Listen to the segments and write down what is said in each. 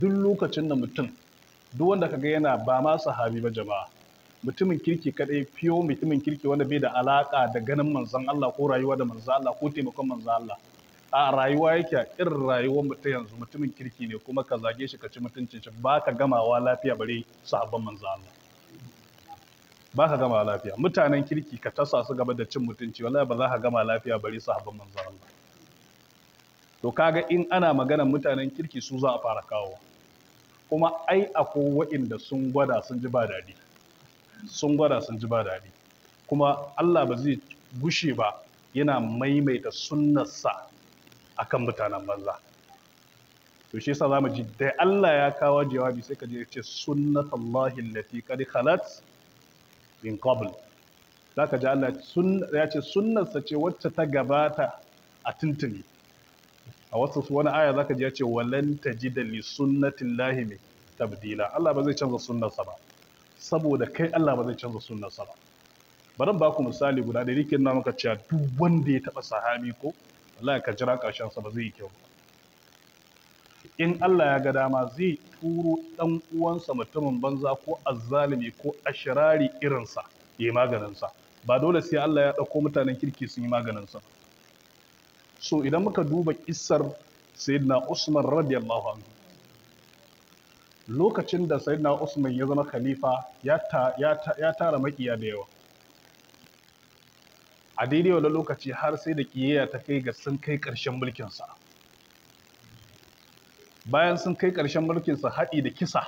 duk lokacin da mutum duk wanda kaga yana ba ma sahabi ba jama'a mutumin kirki kadai fiyo mutumin kirki wanda bai da alaka da ganin manzon Allah ko rayuwa da manzon Allah ko taimakon manzon Allah a rayuwa yake a irin rayuwar mutum yanzu mutumin kirki ne kuma ka zage shi ka ci mutuncin shi ba ka gamawa lafiya bare sabon manzon Allah ba ka gama lafiya mutanen kirki ka tasa su gaba da cin mutunci wallahi ba za ka gama lafiya bare sabon manzon Allah to kaga in ana maganar mutanen kirki su za a fara kawo kuma ai akwai wa'inda sun gwada sun ji ba daɗi sun gwada sun ji ba daɗi kuma Allah ba zai gushe ba yana maimaita sunnarsa akan mutanen banza to shi yasa zamu ji da Allah ya kawo jawabi sai ka je ce sunnatullahi allati qad khalat min qabl zaka ji Allah ya ce sunnarsa ce wacce ta gabata a tuntuni a wasu wani aya zaka ji ya ce walan tajida li sunnatillahi mai tabdila Allah ba zai canza sunnarsa ba saboda kai Allah ba zai canza sunnarsa ba bari ba ku misali guda da rikin na maka cewa duk wanda ya taba sahabi ko Allah ya jira karshen ba zai yi kyau in Allah ya ga dama zai turo dan uwansa mutumin banza ko azzalimi ko ashirari irinsa ya yi maganinsa, ba dole sai Allah ya ɗauko mutanen kirki sun yi maganinsa. ba so idan muka duba kissar sayyidina usman radiyallahu anhu lokacin da sayyidina usman ya zama khalifa ya tara makiya da yawa a daidai lokaci har sai da kiyayya ta kai ga sun kai ƙarshen mulkinsa bayan sun kai ƙarshen mulkinsa haɗi da kisa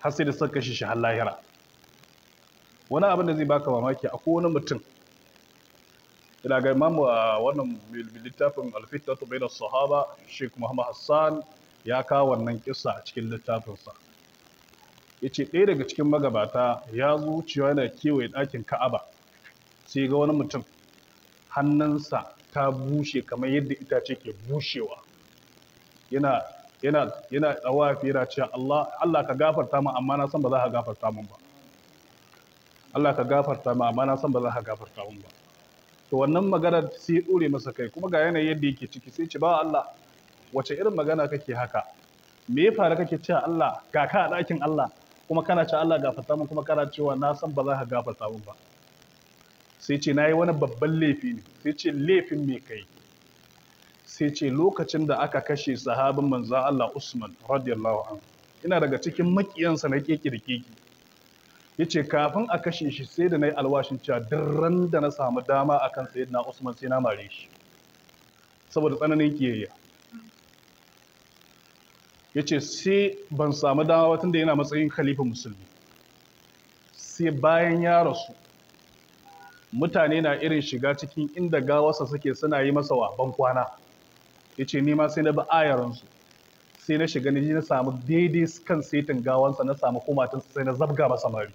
har sai da suka kashe shi har lahira wani abin da zai baka mamaki akwai wani mutum ina ga imam wannan littafin alfitatu bayna sahaba Sheikh Muhammad Hassan ya kawo wannan kissa a cikin littafinsa yace ɗaya daga cikin magabata ya zo cewa yana kewaye ɗakin Ka'aba sai ga wani mutum hannunsa ta bushe kamar yadda itace ke bushewa yana yana yana tsawafi fira cewa Allah Allah ka gafarta min amma na san ba za ka gafarta mu ba Allah ka gafarta mu amma na san ba za ka gafarta min ba to wannan magana sai ɗure masa kai kuma ga yanayin yadda yake ciki sai ci ba Allah wace irin magana kake haka me ya faru kake cewa Allah ga ka a ɗakin Allah kuma kana cewa Allah gafarta mun kuma kana cewa na san ba za ka gafarta mun ba sai ce na wani babban laifi ne sai ce laifin me kai sai ce lokacin da aka kashe sahabin manzo Allah Usman radiyallahu anhu ina daga cikin makiyansa na keke ya ce kafin a kashe shi sai da na yi alwashin cewa duran da na samu dama a kan na usman sai na mare shi saboda tsananin kiyayya ya ce sai ban samu dama ba tunda yana matsayin khalifin musulmi sai bayan ya rasu mutane na irin shiga cikin inda gawarsa suke suna yi masa wa ban kwana ya ce nima sai na bi ayaransu sai na shiga ji na samu daidai kan setin gawansa na samu kumatin sai na zabga masa mari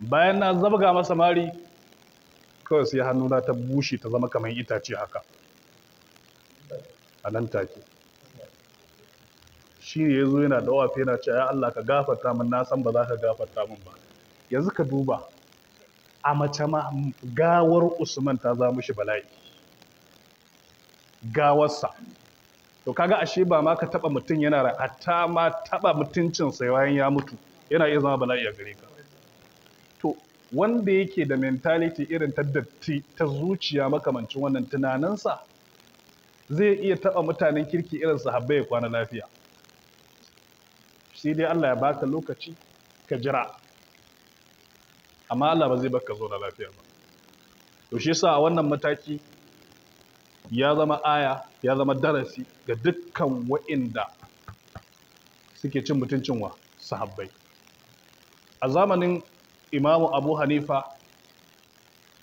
bayan na zabga masa mari kawai sai hannuna ta bushe ta zama kamar itace haka a nan take shi ne ya zo yana dawafe yana cewa ya Allah ka gafata min na san ba za ka gafarta min ba yanzu ka duba a mace ma gawar Usman ta za shi bala'i gawarsa to kaga ashe ba ma ka taba mutum yana hatta ma taba mutuncinsa wayan ya mutu yana iya zama bala'i a gare ka to wanda yake da mentality irin ta datti ta zuciya makamancin wannan tunaninsa zai iya taba mutanen kirki irin sahabbai ya kwana lafiya sai dai Allah ya baka lokaci ka jira amma Allah ba zai baka zo na lafiya ba to shi yasa a wannan mataki ya zama aya ya zama darasi ga dukkan wa'inda suke cin mutuncin wa sahabbai a zamanin imamu abu hanifa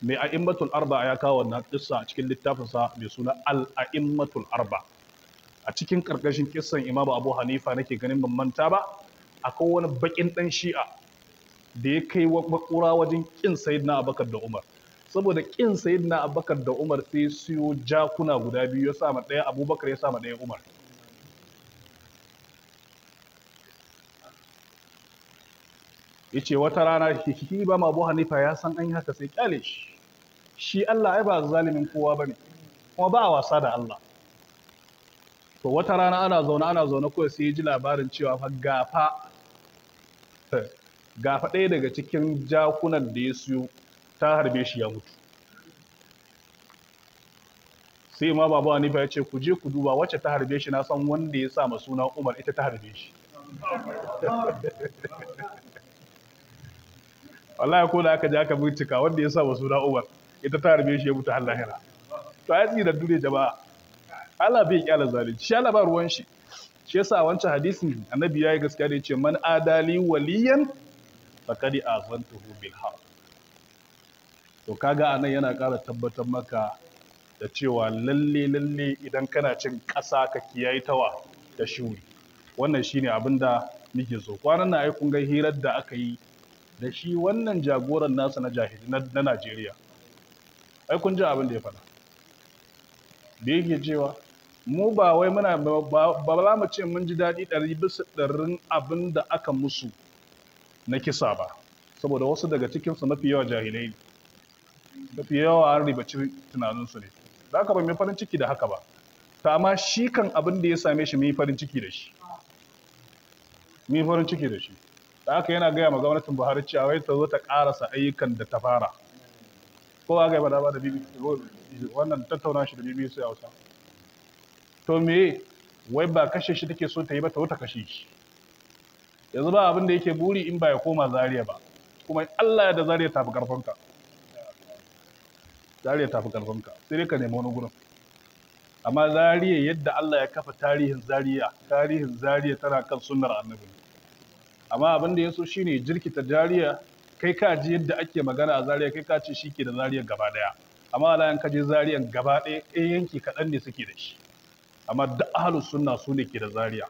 mai a'immatul arba ya kawo wannan kissa a cikin littafinsa mai suna alaimmatul arba a cikin karkashin kissan imamu abu hanifa nake ganin ban manta ba akwai wani bakin dan shi'a da ya kai makura wajen kin na abakar da umar saboda kin na abubakar da umar sai siyo jakuna guda biyu ya sama ɗaya abubakar ya sama ɗaya umar Ya ce wata rana shi ba ma abu hanifa ya san an yi haka sai kyale shi shi allah ai ba zalimin kowa ba ne, kuma ba a wasa da allah to wata rana ana zaune ana zaune kuwa sai ya ji labarin cewa fa gafa gafa ɗaya daga cikin jakunan da ya siyo ta harbe shi ya mutu sai ma abu Nifa ya ce ku je ku duba wacce ta harbe shi na san wanda ya sa suna umar ita ta harbe shi Allah ya aka je aka bincika wanda ya sa suna umar ita ta harbe shi ya mutu har lahira to ya tsira dure jama'a Allah bai kyala zalunci shi Allah ba ruwan shi shi yasa a wancan hadisin annabi yayi gaskiya da yace man adali waliyan faqad azantuhu bil haqq to kaga anan yana ƙara tabbatar maka da cewa lalle lalle idan kana cin ƙasa ka kiyaye tawa da shuri wannan shine abin da nake so kwanan nan ai kun ga hirar da aka yi da shi wannan jagoran nasa na jahili na Najeriya ai kun ji abin da ya faɗa da yake cewa mu ba wai muna ba za mu ce mun ji daɗi ɗari bisa ɗarin abin da aka musu na kisa ba saboda wasu daga cikinsu mafi yawa jahilai ne mafi yawa an ribaci tunaninsu ne da ka ba mai farin ciki da haka ba ta ma shi kan abin da ya same shi mai farin ciki da shi mai farin ciki da shi da haka yana gaya ma gwamnatin buhari cewa ta zo ta karasa ayyukan da ta fara ko a gaba da ba da wannan tattauna shi da bbc to me wai ba kashe shi take so ta yi ba ta wuta kashe shi yanzu ba abin da yake buri in ba ya koma zariya ba kuma Allah ya da zariya tafi karfanka zariya ta tafi karfinka sai dai ka nemi wani gurin amma zariya yadda Allah ya kafa tarihin zariya tarihin zariya tana kan sunnar annabi amma abin da ya so shine jirkita zariya kai ka ji yadda ake magana a zariya kai ka ce shi ke da Zariya gaba daya amma alayan ka je zariyan gaba daya yanki kaɗan ne suke da shi amma da ahalus sunna su ne ke da zariya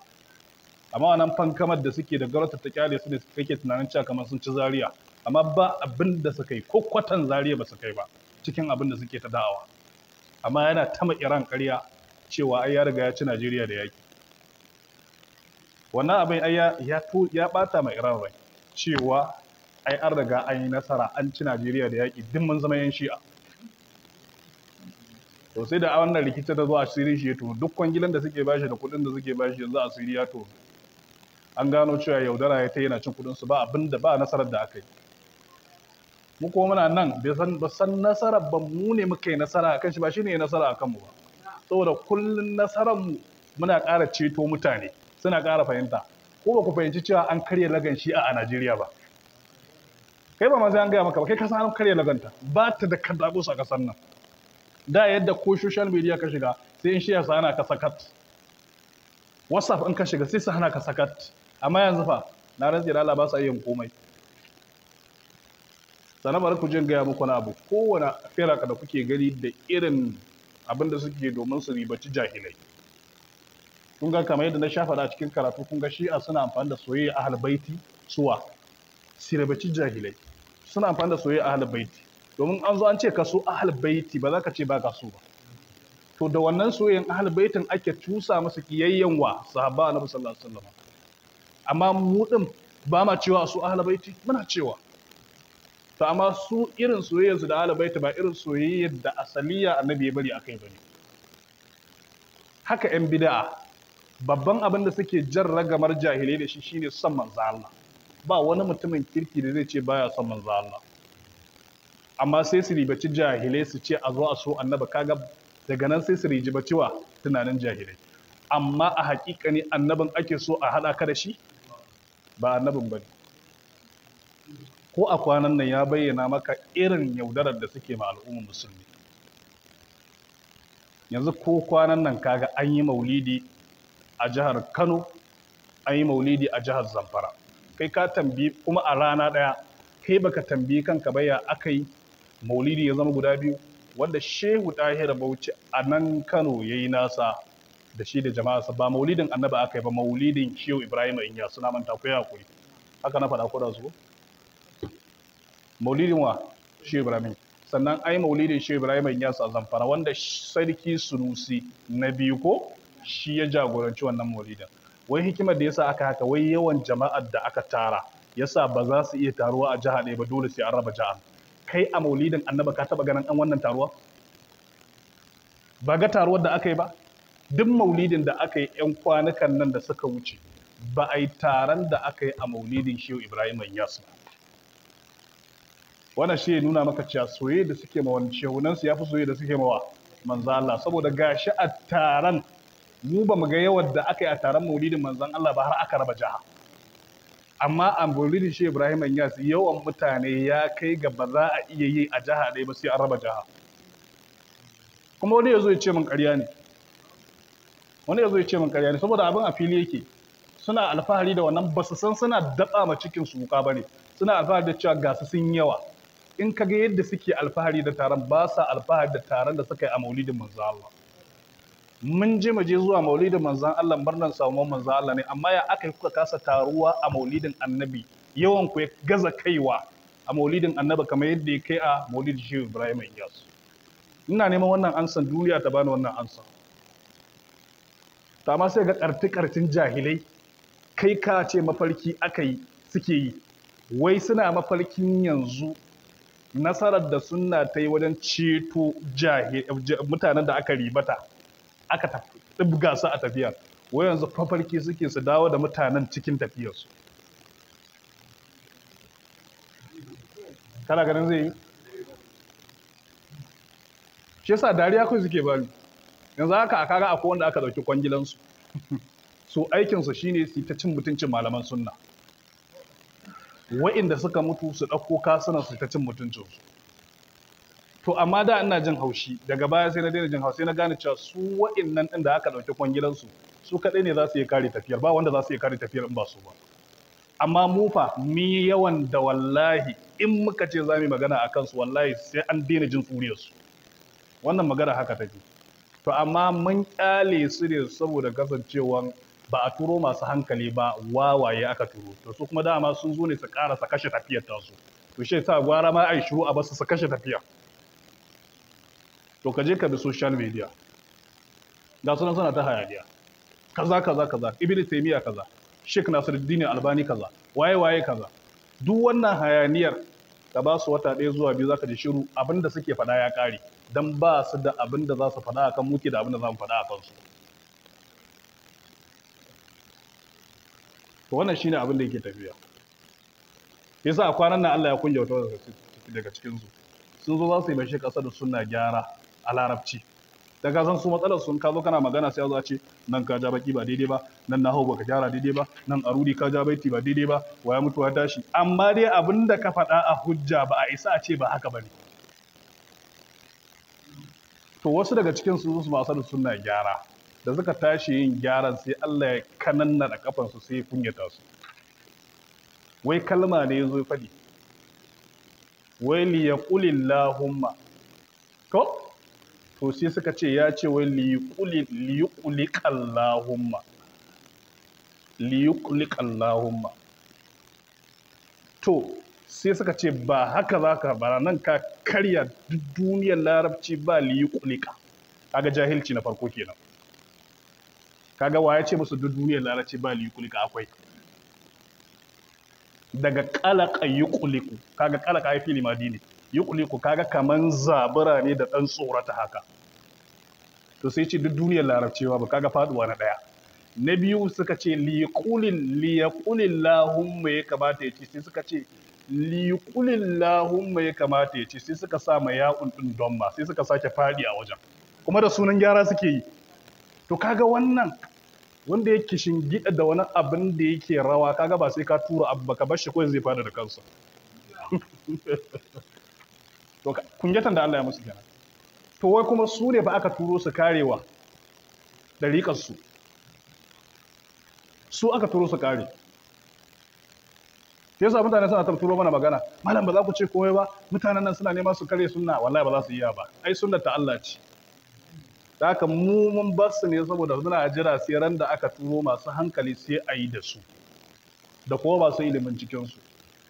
amma wannan fankamar da suke da garota ta kyale su ne kake tunanin cewa sun ci zariya amma ba abin da suka yi ko kwatan zariya ba su kai ba cikin abin da suke ta da'awa amma yana tama iran karya cewa ai ya riga ya ci najeriya da yaki wannan abin ai ya ya bata ma iran rai cewa ai an riga an yi nasara an ci najeriya da yaki duk mun zama yan shi'a to sai da wannan rikici ta zo a sirri shi to duk kwangilan da suke bashi da kuɗin da suke bashi yanzu a sirri ya to an gano cewa yaudara ya ta yana cin kuɗin su ba abinda ba nasarar da aka yi mu kuma muna nan ba san nasara ba mu ne muka yi nasara a kan shi ba ne nasara a kanmu ba saboda kullum nasarar mu muna kara ceto mutane suna kara fahimta ko ba ku fahimci cewa an karya lagan shi a Najeriya ba kai ba ma an gaya maka ba kai kasa an karya laganta ba ta da kadago a kasar nan da yadda ko social media ka shiga sai in shi ya ana ka sakat whatsapp in ka shiga sai su hana ka sakat amma yanzu fa na rantsi da Allah ba su yin komai sana bari ku jin gaya muku na abu kowane firaka da kuke gani da irin abin da suke domin su ribaci jahilai kun ga kamar yadda na sha faɗa cikin karatu kun ga shi'a suna amfani da soyayya ahal baiti suwa su ribaci jahilai suna amfani da soyayya ahal baiti domin an zo an ce ka so ahal baiti ba za ka ce ba ka so ba to da wannan soyayyan ahal baitin ake tusa masa kiyayyen wa sahaba annabi sallallahu alaihi wasallam amma mu din ba ma cewa su ahal baiti muna cewa to amma su irin soyayya su da ahlul ba irin soyayyar da asaliya annabi ya bari akai bane haka yan bid'a babban abin da suke jan ragamar jahilai da shi shine son manzo Allah ba wani mutumin kirki da zai ce baya son manzo Allah amma sai su ribaci jahilai su ce a zo a so annabi kaga daga nan sai su riji wa tunanin jahilai amma a hakika ne annabin ake so a haɗa ka da shi ba annabin ba ko a kwanan nan ya bayyana maka irin yaudarar da suke ma al'ummar musulmi yanzu ko kwanan nan kaga an yi maulidi a jihar kano an yi maulidi a jihar zamfara kai ka tambi kuma a rana ɗaya kai baka tambi kanka ba ya aka yi maulidi ya zama guda biyu wanda shehu ɗahira bauchi a nan kano ya yi nasa da shi da jama'a ba maulidin annaba aka yi ba maulidin shehu ibrahim in ya suna manta ku ya haka na faɗa ku da maulidin wa shi ibrahim sannan ai maulidin shi ibrahim ya sa zamfara wanda sarki sunusi na biyu ko shi ya jagoranci wannan maulidin wai hikimar da yasa aka haka wai yawan jama'ar da aka tara yasa ba za su iya taruwa a jiha ɗaya ba dole sai an raba jiha kai a maulidin annaba ka taba ganin an wannan taruwa ba ga taruwar da aka yi ba duk maulidin da aka yi 'yan kwanukan nan da suka wuce ba a yi taron da aka yi a maulidin shehu ibrahim yasu. ba wannan shi nuna maka cewa soyayya da suke ma wani shehunansu ya fi soyayya da suke mawa manzo Allah saboda gashi a taron mu ba mu ga yawan da aka yi a taron maulidin manzon Allah ba har aka raba jaha amma a maulidin shi Ibrahim Anyas yawan mutane ya kai ga ba za a iya yi a jaha ɗaya ba sai an raba jaha kuma wani ya zo ya ce min ƙarya ne wani ya zo ya ce min ƙarya ne saboda abin a fili yake suna alfahari da wannan ba su san suna daɓa ma cikin su wuka ba ne suna alfahari da cewa gasu sun yawa in ka ga yadda suke alfahari da taron ba sa alfahari da taron da suka yi a maulidin manzan Allah mun je mu zuwa maulidin manzan Allah murnan samuwar manzan Allah ne amma ya aka yi kuka kasa taruwa a maulidin annabi yawan ku gaza kaiwa a maulidin annabi kamar yadda ya kai a maulidin shi Ibrahim Iyasu ina neman wannan ansan duniya ta bani wannan ansan ta ma sai ga karti-kartin jahilai kai ka ce mafarki aka yi suke yi wai suna mafarkin yanzu nasarar da sunna ta yi wajen ceto mutanen da aka ribata aka tafi su a tafiya wai yanzu fafarki suke su dawo da mutanen cikin tafiyarsu kana ganin zai yi shi yasa dariya kai suke bani yanzu haka a kara akwai wanda aka ɗauki kwangilansu so aikinsu shine su ta cin mutuncin malaman sunna wa'inda suka mutu su ɗauko kasunan su ta cin mutuncin su to amma da ina jin haushi daga baya sai na daina jin haushi na gane cewa su wa'innan din da aka ɗauki kwangilan su su kaɗai ne za su yi kare tafiyar ba wanda za su yi kare tafiyar in ba su ba amma mu fa mi yawan da wallahi in muka ce za mu magana a kansu wallahi sai an daina jin tsuriyar su wannan magana haka take to amma mun kyale su ne saboda kasancewan ba a turo masu hankali ba wawaye aka turo to su kuma dama sun zo ne su sa kashe tafiyar su. to shi sa gwara ma ai shiru a basu su kashe tafiya to ka je ka bi social media da sunan suna ta hayaniya kaza kaza kaza ibnu taymiya kaza sheikh nasiruddin albani kaza waye waye kaza duk wannan hayaniyar ka ba su wata ɗaya zuwa biyu zaka ji shiru abinda suke faɗa ya ƙare dan ba su da abinda za su faɗa akan muke da abinda za mu faɗa akan su to wannan shine abin da yake tafiya yasa a kwanan nan Allah ya kunyauta daga cikin su sun zo za su yi mai shekasa da sunna gyara a larabci da ka su matsalar sun ka zo kana magana sai za ce nan ka ja baki ba daidai ba nan na hau baka gyara daidai ba nan arudi ka ja baiti ba daidai ba waya mutuwa tashi amma dai abin da ka faɗa a hujja ba a isa a ce ba haka bane to wasu daga cikin su su masu da sunna gyara da suka tashi yin gyaran sai Allah ya kananna da kafansu sai ya kunyata su wai kalma ne ya zo faɗi wai liya lahumma. ko to sai suka ce ya ce wai liyukulikallahumma lahumma. to sai suka ce ba haka za ka bara nan ka karya duk duniyar larabci ba liyukulika kaga jahilci na farko kenan kaga wa ya ce musu duk duniyar larabci ba liyukulika akwai daga kalaka yukuliku kaga kalaka ai fili madini yukuliku kaga kaman zabura ne da ɗan tsorata haka to sai ce duk duniyar larabcewa ba kaga faduwa na ɗaya. na biyu suka ce liqulil liqulil lahumma ya kamata ya ci sai suka ce liqulil lahumma ya kamata ya ci sai suka sa ma ɗin don ma. sai suka sake faɗi a wajen kuma da sunan gyara suke yi to kaga wannan wanda yake shingida da wani abin da yake rawa kaga ba sai ka tura abu ba bar shi ko zai fada da kansa to kunjatan da Allah ya musu kenan to wai kuma su ne ba aka turo su karewa da su su aka turo su kare sai yasa mutane suna ta turo mana magana malam ba za ku ce komai ba mutanen nan suna nema su kare sunna wallahi ba za su iya ba ai sunanta Allah ce da haka mu mun bar su ne saboda suna jira sai ran da aka turo masu hankali sai a yi da su da kuma masu ilimin cikinsu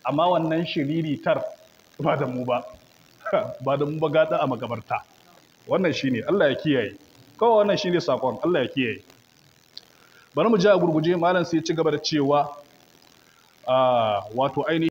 amma wannan shiriritar ba da mu ba ba da mu ba gada a magabarta wannan shine Allah ya kiyaye kawai wannan shine sakon Allah ya kiyaye bari mu ji a gurguje malam sai ci gaba da cewa ah, wato ainihin